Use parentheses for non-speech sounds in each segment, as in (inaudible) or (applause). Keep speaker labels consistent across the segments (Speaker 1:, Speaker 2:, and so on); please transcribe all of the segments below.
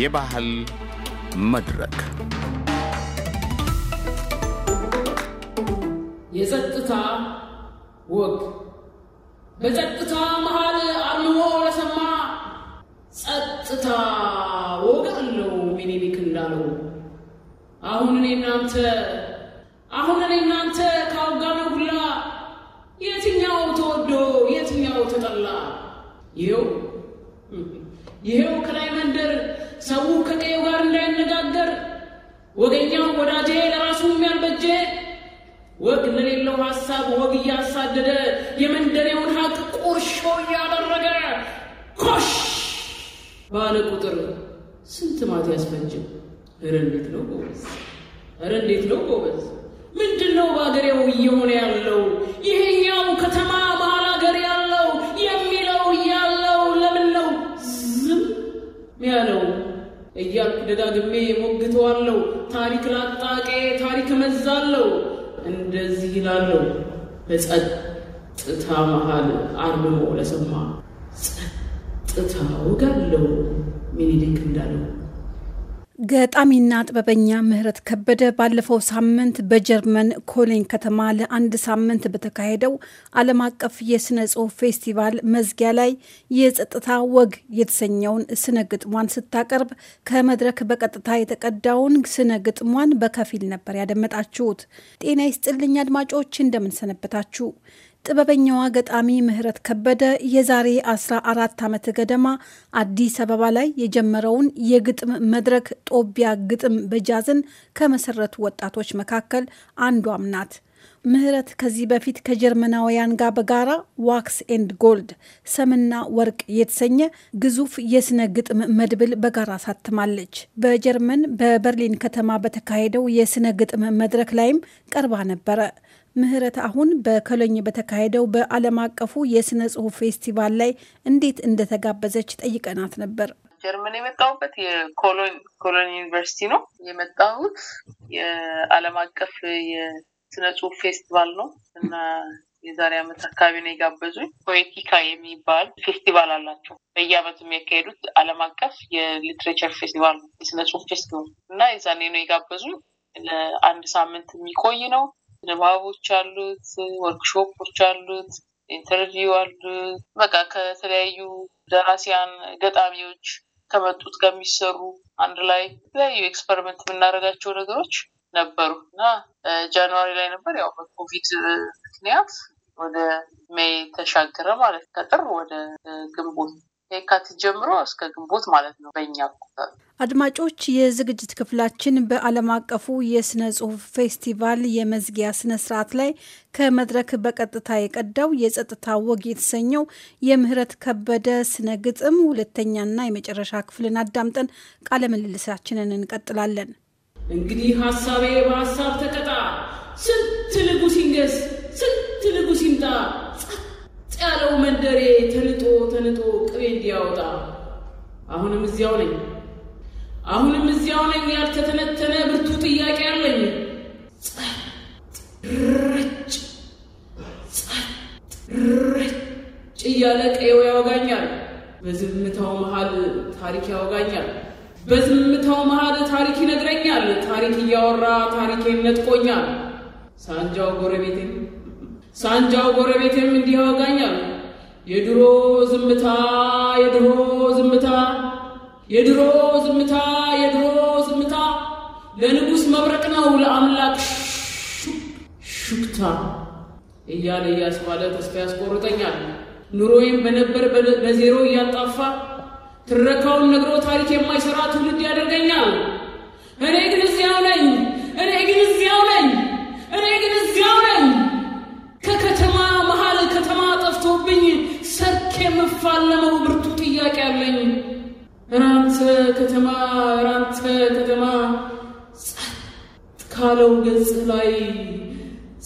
Speaker 1: የባህል መድረክ የጸጥታ ወግ በጸጥታ መሃል አልሞ ለሰማ ጸጥታ ወግ አለው ሚኒሊክ እንዳለው። አሁን እኔ እናንተ አሁን እኔ እናንተ ካወጋነ ሁላ የትኛው ተወዶ የትኛው ተጠላ? ይኸው ይኸው ከላይ ሰው ከቀዩ ጋር እንዳይነጋገር ወገኛው ወዳጄ ለራሱ የሚያልበጀ ወግ ለሌለው ሀሳብ ወግ እያሳደደ የመንደሬውን ሀቅ ቁርሾ እያደረገ ኮሽ ባለ ቁጥር ስንት ማት ያስፈጅ። እረ እንዴት ነው ጎበዝ! እረ እንዴት ነው ጎበዝ! ምንድን ነው በአገሬው እየሆነ ያለው? ደጋግሜ ሞግተዋለሁ። ታሪክ ላጣቄ ታሪክ መዛለሁ። እንደዚህ ይላለሁ በጸጥታ መሃል አርምሞ ለሰማ ጸጥታ ወጋለሁ ሚኒሊክ እንዳለው
Speaker 2: ገጣሚና ጥበበኛ ምህረት ከበደ ባለፈው ሳምንት በጀርመን ኮሌን ከተማ ለአንድ ሳምንት በተካሄደው ዓለም አቀፍ የስነ ጽሑፍ ፌስቲቫል መዝጊያ ላይ የጸጥታ ወግ የተሰኘውን ስነ ግጥሟን ስታቀርብ ከመድረክ በቀጥታ የተቀዳውን ስነ ግጥሟን በከፊል ነበር ያደመጣችሁት። ጤና ይስጥልኝ አድማጮች፣ እንደምንሰነበታችሁ። ጥበበኛዋ ገጣሚ ምህረት ከበደ የዛሬ 14 ዓመት ገደማ አዲስ አበባ ላይ የጀመረውን የግጥም መድረክ ጦቢያ ግጥም በጃዝን ከመሰረቱ ወጣቶች መካከል አንዷም ናት። ምህረት ከዚህ በፊት ከጀርመናውያን ጋር በጋራ ዋክስ ኤንድ ጎልድ ሰምና ወርቅ የተሰኘ ግዙፍ የስነ ግጥም መድብል በጋራ አሳትማለች። በጀርመን በበርሊን ከተማ በተካሄደው የስነ ግጥም መድረክ ላይም ቀርባ ነበረ። ምህረት አሁን በኮሎኝ በተካሄደው በዓለም አቀፉ የስነ ጽሁፍ ፌስቲቫል ላይ እንዴት እንደተጋበዘች ጠይቀናት ነበር።
Speaker 1: ጀርመን የመጣሁበት የኮሎኝ ዩኒቨርሲቲ ነው የመጣሁት። የዓለም አቀፍ የስነ ጽሁፍ ፌስቲቫል ነው እና የዛሬ ዓመት አካባቢ ነው የጋበዙኝ። ፖኤቲካ የሚባል ፌስቲቫል አላቸው በየዓመቱ የሚያካሄዱት ዓለም አቀፍ የሊትሬቸር ፌስቲቫል ነው የስነ ጽሁፍ ፌስቲቫል እና የዛኔ ነው የጋበዙኝ። ለአንድ ሳምንት የሚቆይ ነው። ንባቦች አሉት፣ ወርክሾፖች አሉት፣ ኢንተርቪው አሉት። በቃ ከተለያዩ ደራሲያን ገጣሚዎች ከመጡት ጋር የሚሰሩ አንድ ላይ የተለያዩ ኤክስፐሪመንት የምናደርጋቸው ነገሮች ነበሩ እና ጃንዋሪ ላይ ነበር ያው በኮቪድ ምክንያት ወደ ሜይ ተሻገረ ማለት ከጥር ወደ ግንቦት ከየካቲት ጀምሮ እስከ ግንቦት ማለት ነው በእኛ
Speaker 2: አድማጮች፣ የዝግጅት ክፍላችን በዓለም አቀፉ የስነ ጽሁፍ ፌስቲቫል የመዝጊያ ስነ ስርዓት ላይ ከመድረክ በቀጥታ የቀዳው የጸጥታ ወግ የተሰኘው የምህረት ከበደ ስነ ግጥም ሁለተኛና የመጨረሻ ክፍልን አዳምጠን ቃለ ምልልሳችንን እንቀጥላለን። እንግዲህ ሀሳቤ በሀሳብ ተቀጣ ስንት ንጉስ
Speaker 1: የተጣለው መንደሬ ተንጦ ተንጦ ቅቤ እንዲያወጣ አሁንም እዚያው ነኝ፣ አሁንም እዚያው ነኝ። ያልተተነተነ ብርቱ ጥያቄ አለኝ። ጸጥ እያለ ቀዬው ያወጋኛል። በዝምታው መሃል ታሪክ ያወጋኛል። በዝምታው መሃል ታሪክ ይነግረኛል። ታሪክ እያወራ ታሪኬን ነጥቆኛል። ሳንጃው ጎረቤቴን ሳንጃው ጎረቤቴም እንዲህ ያወጋኛል። የድሮ ዝምታ የድሮ ዝምታ የድሮ ዝምታ የድሮ ዝምታ ለንጉሥ መብረቅ ነው ለአምላክ ሹክታ እያለ እያስባለ ተስፋ ያስቆርጠኛል። ኑሮዬም በነበር በዜሮ እያጣፋ ትረካውን ነግሮ ታሪክ የማይሰራ ትውልድ ያደርገኛል። እኔ ግን እዚያው ነኝ። እኔ ግን እዚያው ነኝ። እኔ ግን እዚያው ነኝ። ለማፋለመው ብርቱ ጥያቄ አለኝ። እናንተ ከተማ እናንተ ከተማ ጸጥ ካለው ገጽ ላይ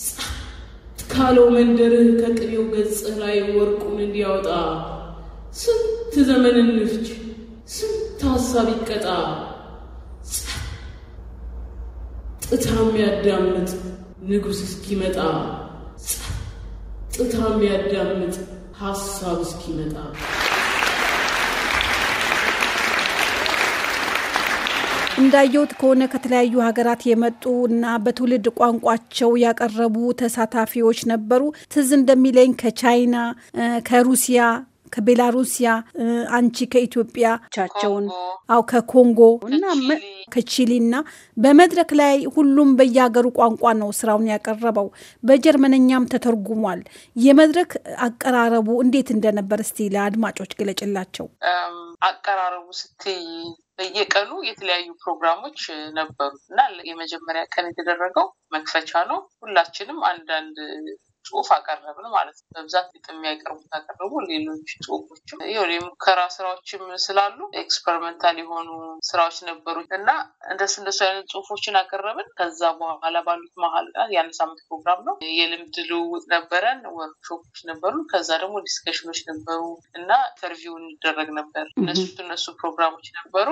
Speaker 1: ጸጥ ካለው መንደርህ ከቅቤው ገጽህ ላይ ወርቁን እንዲያወጣ ስንት ዘመን እንፍጅ፣ ስንት ሀሳብ ይቀጣ። ጥታም ያዳምጥ ንጉሥ እስኪመጣ ጥታም ያዳምጥ ሀሳብ እስኪመጣ
Speaker 2: እንዳየሁት ከሆነ ከተለያዩ ሀገራት የመጡ እና በትውልድ ቋንቋቸው ያቀረቡ ተሳታፊዎች ነበሩ። ትዝ እንደሚለኝ ከቻይና፣ ከሩሲያ፣ ከቤላሩሲያ አንቺ ከኢትዮጵያ ቻቸውን አው ከኮንጎ እና እና በመድረክ ላይ ሁሉም በየሀገሩ ቋንቋ ነው ስራውን ያቀረበው። በጀርመንኛም ተተርጉሟል። የመድረክ አቀራረቡ እንዴት እንደነበር እስቲ ለአድማጮች ገለጭላቸው።
Speaker 1: አቀራረቡ ስትይ በየቀኑ የተለያዩ ፕሮግራሞች ነበሩ እና የመጀመሪያ ቀን የተደረገው መክፈቻ ነው። ሁላችንም አንዳንድ ጽሁፍ አቀረብን ማለት ነው። በብዛት ግጥም የሚያቀርቡት አቀረቡ። ሌሎች ጽሁፎችም የሙከራ ስራዎችም ስላሉ ኤክስፐሪመንታል የሆኑ ስራዎች ነበሩ እና እንደስ እንደሱ አይነት ጽሁፎችን አቀረብን። ከዛ በኋላ ባሉት መሀል የአንድ ሳምንት ፕሮግራም ነው። የልምድ ልውውጥ ነበረን፣ ወርክሾፖች ነበሩ። ከዛ ደግሞ ዲስከሽኖች ነበሩ እና ኢንተርቪው እንደረግ ነበር። እነሱ እነሱ ፕሮግራሞች ነበሩ።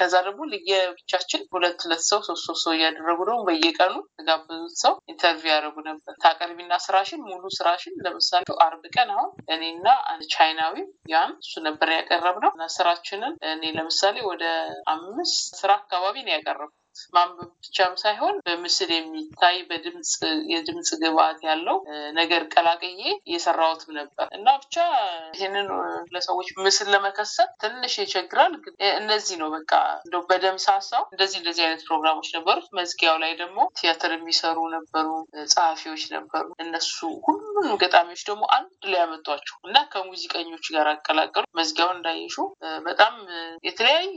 Speaker 1: ከዛ ደግሞ ለየብቻችን ሁለት ሁለት ሰው ሶስት ሶስት ሰው እያደረጉ ደግሞ በየቀኑ ተጋበዙት ሰው ኢንተርቪው ያደረጉ ነበር ታቀርቢና ስራ ስራሽን ሙሉ ስራሽን ለምሳሌ አርብ ቀን አሁን እኔና ቻይናዊ ያን እሱ ነበር ያቀረብ ነው እና ስራችንን እኔ ለምሳሌ ወደ አምስት ስራ አካባቢ ነው ያቀረብ ማንበብ ብቻም ሳይሆን በምስል የሚታይ በድምፅ የድምፅ ግብአት ያለው ነገር ቀላቅዬ እየሰራሁትም ነበር እና ብቻ ይህንን ለሰዎች ምስል ለመከሰት ትንሽ ይቸግራል። እነዚህ ነው በቃ እንደው በደምሳሳው እንደዚህ እንደዚህ አይነት ፕሮግራሞች ነበሩት። መዝጊያው ላይ ደግሞ ቲያትር የሚሰሩ ነበሩ፣ ጸሐፊዎች ነበሩ። እነሱ ሁሉንም ገጣሚዎች ደግሞ አንድ ላይ ያመጧቸው እና ከሙዚቀኞች ጋር አቀላቀሉ። መዝጊያውን እንዳየሹ በጣም የተለያየ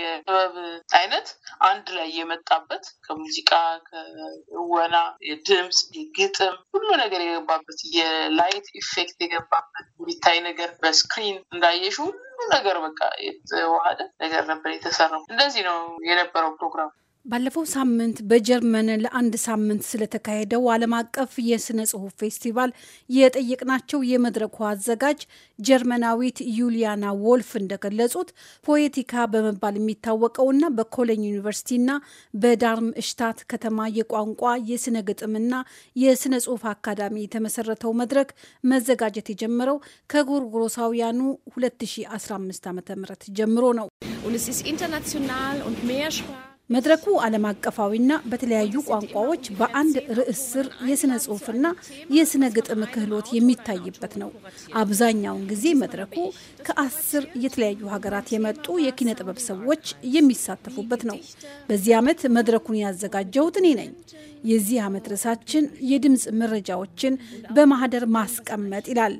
Speaker 1: የጥበብ አይነት አንድ ላይ የመጣበት ከሙዚቃ ከእወና፣ የድምፅ፣ የግጥም ሁሉ ነገር የገባበት የላይት ኢፌክት የገባበት የሚታይ ነገር በስክሪን እንዳየሽ ሁሉ ነገር በቃ የተዋሃደ ነገር ነበር የተሰራው። እንደዚህ ነው
Speaker 2: የነበረው ፕሮግራም። ባለፈው ሳምንት በጀርመን ለአንድ ሳምንት ስለተካሄደው ዓለም አቀፍ የስነ ጽሁፍ ፌስቲቫል የጠየቅናቸው የመድረኩ አዘጋጅ ጀርመናዊት ዩሊያና ወልፍ እንደገለጹት ፖየቲካ በመባል የሚታወቀውና በኮሎኝ ዩኒቨርሲቲና በዳርም እሽታት ከተማ የቋንቋ የስነ ግጥምና የስነ ጽሁፍ አካዳሚ የተመሰረተው መድረክ መዘጋጀት የጀመረው ከጎርጎሮሳውያኑ 2015 ዓ ም ጀምሮ ነው። መድረኩ ዓለም አቀፋዊና በተለያዩ ቋንቋዎች በአንድ ርዕስ ስር የስነ ጽሁፍና የስነ ግጥም ክህሎት የሚታይበት ነው። አብዛኛውን ጊዜ መድረኩ ከአስር የተለያዩ ሀገራት የመጡ የኪነ ጥበብ ሰዎች የሚሳተፉበት ነው። በዚህ ዓመት መድረኩን ያዘጋጀሁት እኔ ነኝ። የዚህ ዓመት ርዕሳችን የድምፅ መረጃዎችን በማህደር ማስቀመጥ ይላል።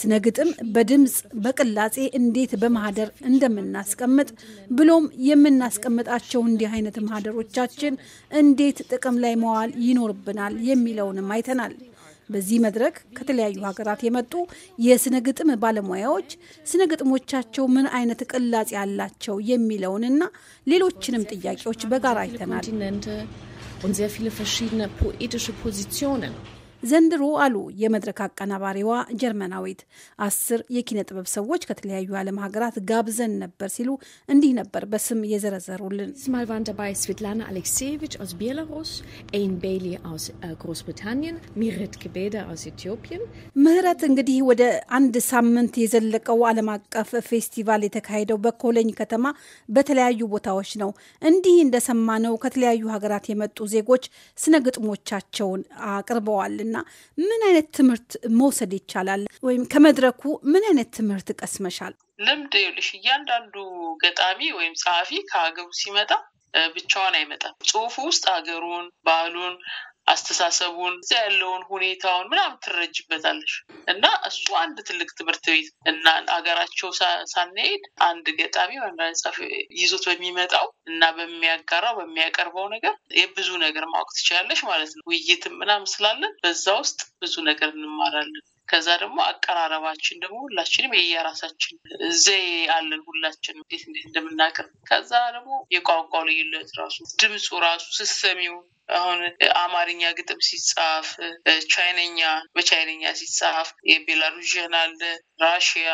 Speaker 2: ስነ ግጥም በድምፅ በቅላጼ እንዴት በማህደር እንደምናስቀምጥ ብሎም የምናስቀምጣቸው እንዲህ አይነት ማህደሮቻችን እንዴት ጥቅም ላይ መዋል ይኖርብናል የሚለውንም አይተናል። በዚህ መድረክ ከተለያዩ ሀገራት የመጡ የስነ ግጥም ባለሙያዎች ስነ ግጥሞቻቸው ምን አይነት ቅላጽ ያላቸው የሚለውንና ሌሎችንም ጥያቄዎች በጋራ አይተናል። und sehr viele verschiedene poetische Positionen. ዘንድሮ አሉ የመድረክ አቀናባሪዋ ጀርመናዊት አስር የኪነ ጥበብ ሰዎች ከተለያዩ ዓለም ሀገራት ጋብዘን ነበር ሲሉ እንዲህ ነበር በስም የዘረዘሩልን። ስማል ደባይ ስቪትላና አሌክሴቪች አውስ ቤላሩስ፣ ኤን ቤይሊ አውስ ግሮስብሪታንያን፣ ክቤደ አውስ ኢትዮጵያን። ምህረት እንግዲህ ወደ አንድ ሳምንት የዘለቀው ዓለም አቀፍ ፌስቲቫል የተካሄደው በኮሎኝ ከተማ በተለያዩ ቦታዎች ነው። እንዲህ እንደሰማነው ከተለያዩ ሀገራት የመጡ ዜጎች ስነ ግጥሞቻቸውን አቅርበዋልና እና ምን አይነት ትምህርት መውሰድ ይቻላል? ወይም ከመድረኩ ምን አይነት ትምህርት ቀስመሻል?
Speaker 1: ልምድ ይኸውልሽ፣ እያንዳንዱ ገጣሚ ወይም ጸሐፊ ከሀገሩ ሲመጣ ብቻዋን አይመጣም። ጽሁፉ ውስጥ ሀገሩን፣ ባህሉን፣ አስተሳሰቡን እዛ ያለውን ሁኔታውን ምናምን ትረጅበታለሽ እና እሱ አንድ ትልቅ ትምህርት ቤት እና አገራቸው ሳንሄድ አንድ ገጣሚ ወይም ይዞት በሚመጣው እና በሚያጋራው በሚያቀርበው ነገር የብዙ ነገር ማወቅ ትችላለሽ ማለት ነው። ውይይትም ምናምን ስላለን በዛ ውስጥ ብዙ ነገር እንማራለን። ከዛ ደግሞ አቀራረባችን ደግሞ ሁላችንም የየራሳችን ዘዬ አለን። ሁላችን እንዴት እንዴት እንደምናቅር ከዛ ደግሞ የቋንቋው ልዩነት ራሱ ድምፁ ራሱ ስሰሚው አሁን አማርኛ ግጥም ሲጻፍ ቻይነኛ በቻይነኛ ሲጻፍ የቤላሩዥን አለ ራሽያ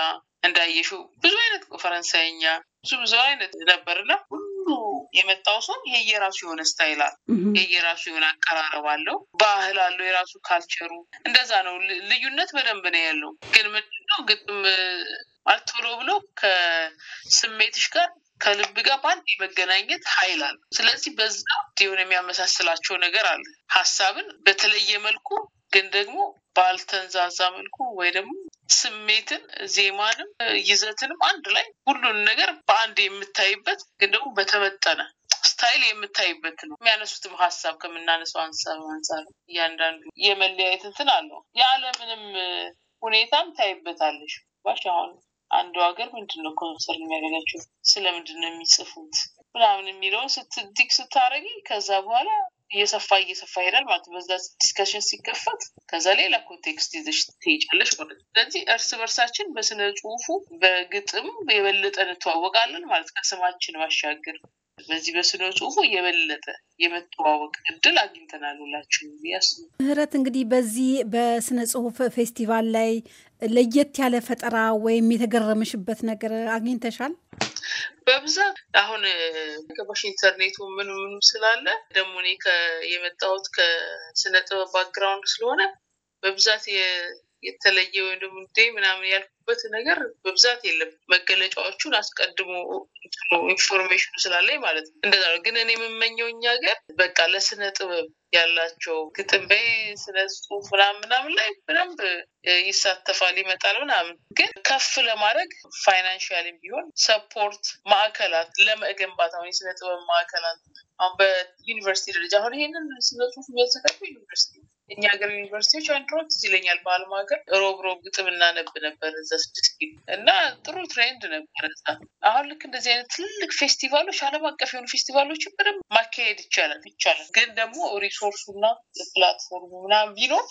Speaker 1: እንዳየሹ ብዙ አይነት ፈረንሳይኛ ብዙ ብዙ አይነት ነበርና የመጣው ሰው ይሄ የራሱ የሆነ ስታይል አለ፣ ይሄ የራሱ የሆነ አቀራረብ አለው፣ ባህል አለው፣ የራሱ ካልቸሩ እንደዛ ነው። ልዩነት በደንብ ነው ያለው። ግን ምንድነው ግጥም አልቶሎ ቶሎ ብሎ ከስሜትሽ ጋር ከልብ ጋር በአንድ የመገናኘት ኃይል አለ። ስለዚህ በዛ የሆነ የሚያመሳስላቸው ነገር አለ ሀሳብን በተለየ መልኩ ግን ደግሞ ባልተንዛዛ መልኩ ወይ ደግሞ ስሜትን፣ ዜማንም፣ ይዘትንም አንድ ላይ ሁሉን ነገር በአንድ የምታይበት ግን ደግሞ በተመጠነ ስታይል የምታይበት ነው። የሚያነሱትም ሀሳብ ከምናነሳው ሀሳብ አንጻር እያንዳንዱ የመለያየት እንትን አለው። የዓለምንም ሁኔታም ታይበታለሽ ባሽ አሁን አንዱ ሀገር ምንድን ነው ኮንሰር የሚያደርጋቸው ስለምንድን ነው የሚጽፉት ምናምን የሚለውን ስትዲግ ስታረጊ ከዛ በኋላ እየሰፋ እየሰፋ ይሄዳል ማለት ነው። በዛ ዲስካሽን ሲከፈት ከዛ ሌላ ኮንቴክስት ይዘሽ ትሄጃለሽ ማለት ነው። ስለዚህ እርስ በርሳችን በስነ ጽሁፉ በግጥም የበለጠ እንተዋወቃለን ማለት ከስማችን ባሻገር በዚህ በስነ ጽሁፉ የበለጠ የመተዋወቅ እድል አግኝተናል ሁላችሁ ያስ
Speaker 2: ምህረት እንግዲህ በዚህ በስነ ጽሁፍ ፌስቲቫል ላይ ለየት ያለ ፈጠራ ወይም የተገረመሽበት ነገር አግኝተሻል?
Speaker 1: በብዛት አሁን ገባሽ ኢንተርኔቱ ምን ምኑ ስላለ ደግሞ እኔ የመጣሁት ከስነ ጥበብ ባክግራውንድ ስለሆነ በብዛት የተለየ ወይም ደግሞ እንዴ ምናምን ያልኩበት ነገር በብዛት የለም። መገለጫዎቹን አስቀድሞ ኢንፎርሜሽኑ ስላለኝ ማለት ነው። እንደዛ ነው። ግን እኔ የምመኘው እኛ ሀገር በቃ ለስነ ጥበብ ያላቸው ግጥም በይ ስነ ጽሁፍ ምናምን ምናምን ላይ በደንብ ይሳተፋል ይመጣል ምናምን ግን ከፍ ለማድረግ ፋይናንሽያልም ቢሆን ሰፖርት ማዕከላት ለመገንባት አሁን የስነ ጥበብ ማዕከላት አሁን በዩኒቨርሲቲ ደረጃ አሁን ይሄንን ስነ ጽሁፍ የሚያዘጋጁ ዩኒቨርሲቲ እኛ ሀገር ዩኒቨርሲቲዎች አንድሮ ትዝ ይለኛል በአለም ሀገር ሮብ ሮብ ግጥም እናነብ ነበር እዛ ስድስት ጊ እና ጥሩ ትሬንድ ነበር እዛ። አሁን ልክ እንደዚህ አይነት ትልልቅ ፌስቲቫሎች አለም አቀፍ የሆኑ ፌስቲቫሎችን በደንብ ማካሄድ ይቻላል ይቻላል። ግን ደግሞ ሪሶርሱ ሪሶርሱና ፕላትፎርሙ ምናም ቢኖር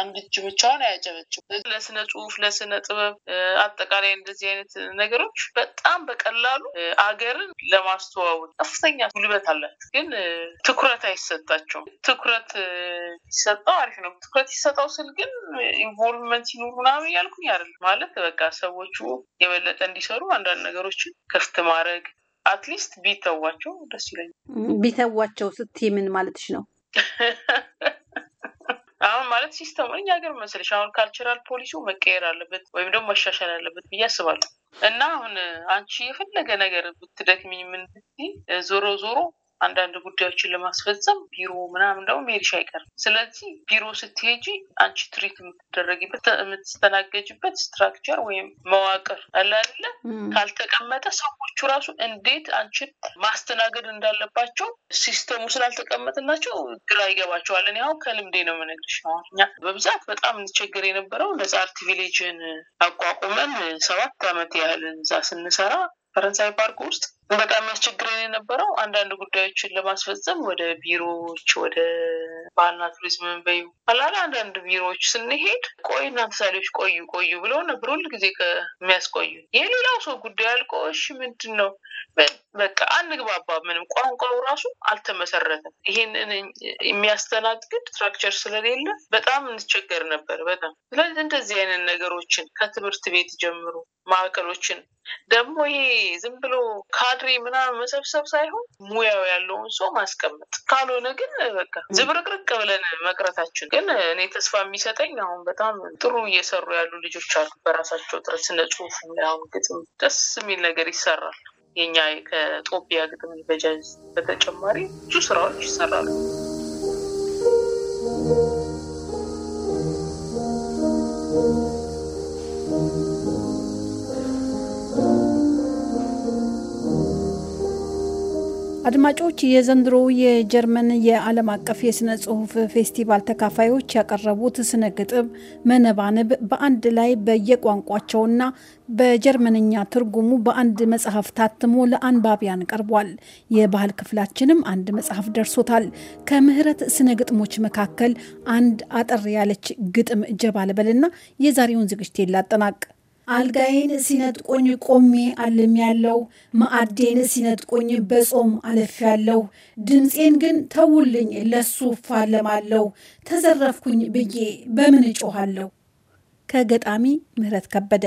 Speaker 1: አንድ እጅ ብቻውን አያጨበጭም። ለስነ ጽሁፍ፣ ለስነ ጥበብ አጠቃላይ እንደዚህ አይነት ነገሮች በጣም በቀላሉ አገርን ለማስተዋወቅ ከፍተኛ ጉልበት አላቸው፣ ግን ትኩረት አይሰጣቸውም። ትኩረት ይሰጠው አሪፍ ነው። ትኩረት ይሰጠው ስል ግን ኢንቮልቭመንት ሲኖር ምናምን እያልኩኝ አይደል ማለት በቃ ሰዎቹ የበለጠ እንዲሰሩ አንዳንድ ነገሮችን ክፍት ማድረግ አትሊስት ቢተዋቸው ደስ ይለኛል።
Speaker 2: ቢተዋቸው ስትይ ምን ማለትሽ ነው? (laughs)
Speaker 1: አሁን ማለት ሲስተሙ እኛ ሀገር መሰለሽ አሁን ካልቸራል ፖሊሲው መቀየር አለበት ወይም ደግሞ መሻሻል አለበት ብዬ አስባለሁ። እና አሁን አንቺ የፈለገ ነገር ብትደክሚኝ ምን ዞሮ ዞሮ አንዳንድ ጉዳዮችን ለማስፈጸም ቢሮ ምናምን ደግሞ መሄድሽ አይቀርም። ስለዚህ ቢሮ ስትሄጂ አንቺ ትሪት የምትደረጊበት የምትስተናገጅበት ስትራክቸር ወይም መዋቅር አለ አይደለ? ካልተቀመጠ ሰዎቹ ራሱ እንዴት አንቺን ማስተናገድ እንዳለባቸው ሲስተሙ ስላልተቀመጥናቸው ግራ ይገባቸዋል። እኔ አሁን ከልምዴ ነው የምነግርሽ። እኛ በብዛት በጣም እንቸገር የነበረው ነጻ አርት ቪሌጅን አቋቁመን ሰባት ዓመት ያህል እዛ ስንሰራ ፈረንሳይ ፓርክ ውስጥ በጣም ያስቸግረን የነበረው አንዳንድ ጉዳዮችን ለማስፈጸም ወደ ቢሮዎች ወደ ባህልና ቱሪዝም በዩ አላለ አንዳንድ ቢሮዎች ስንሄድ ቆይ እናንተ ሳሌዎች ቆዩ ቆዩ ብለው ነበር ሁል ጊዜ ከሚያስቆዩ የሌላው ሰው ጉዳይ አልቆሽ ምንድን ነው በቃ አንግባባ ምንም ቋንቋው ራሱ አልተመሰረተም ይሄንን የሚያስተናግድ ስትራክቸር ስለሌለ በጣም እንቸገር ነበር በጣም ስለዚህ እንደዚህ አይነት ነገሮችን ከትምህርት ቤት ጀምሮ ማዕከሎችን ደግሞ ይሄ ዝም ብሎ ካድሬ ምናምን መሰብሰብ ሳይሆን ሙያው ያለውን ሰው ማስቀመጥ ካልሆነ ግን በቃ ዝብርቅርቅ ብለን መቅረታችን ግን እኔ ተስፋ የሚሰጠኝ አሁን በጣም ጥሩ እየሰሩ ያሉ ልጆች አሉ። በራሳቸው ጥረት ስነ ጽሁፍ ሁን ግጥም ደስ የሚል ነገር ይሰራል። የኛ ከጦቢያ ግጥም በጃዝ በተጨማሪ ብዙ ስራዎች ይሰራሉ።
Speaker 2: አድማጮች የዘንድሮ የጀርመን የዓለም አቀፍ የሥነ ጽሑፍ ፌስቲቫል ተካፋዮች ያቀረቡት ስነ ግጥም መነባንብ በአንድ ላይ በየቋንቋቸውና በጀርመንኛ ትርጉሙ በአንድ መጽሐፍ ታትሞ ለአንባቢያን ቀርቧል። የባህል ክፍላችንም አንድ መጽሐፍ ደርሶታል። ከምህረት ስነ ግጥሞች መካከል አንድ አጠር ያለች ግጥም ጀባ ልበልና የዛሬውን ዝግጅት ላጠናቅ። አልጋዬን ሲነጥቆኝ ቆሜ አልም ያለው ማዕዴን ሲነጥቆኝ በጾም አለፍ ያለው ድምፄን ግን ተውልኝ ለሱ ፋለማለው ተዘረፍኩኝ ብዬ በምን እጮኋለሁ። ከገጣሚ ምህረት ከበደ።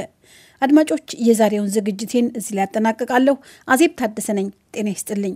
Speaker 2: አድማጮች፣ የዛሬውን ዝግጅቴን እዚህ ላይ ያጠናቅቃለሁ። አዜብ ታደሰ ነኝ። ጤና ይስጥልኝ።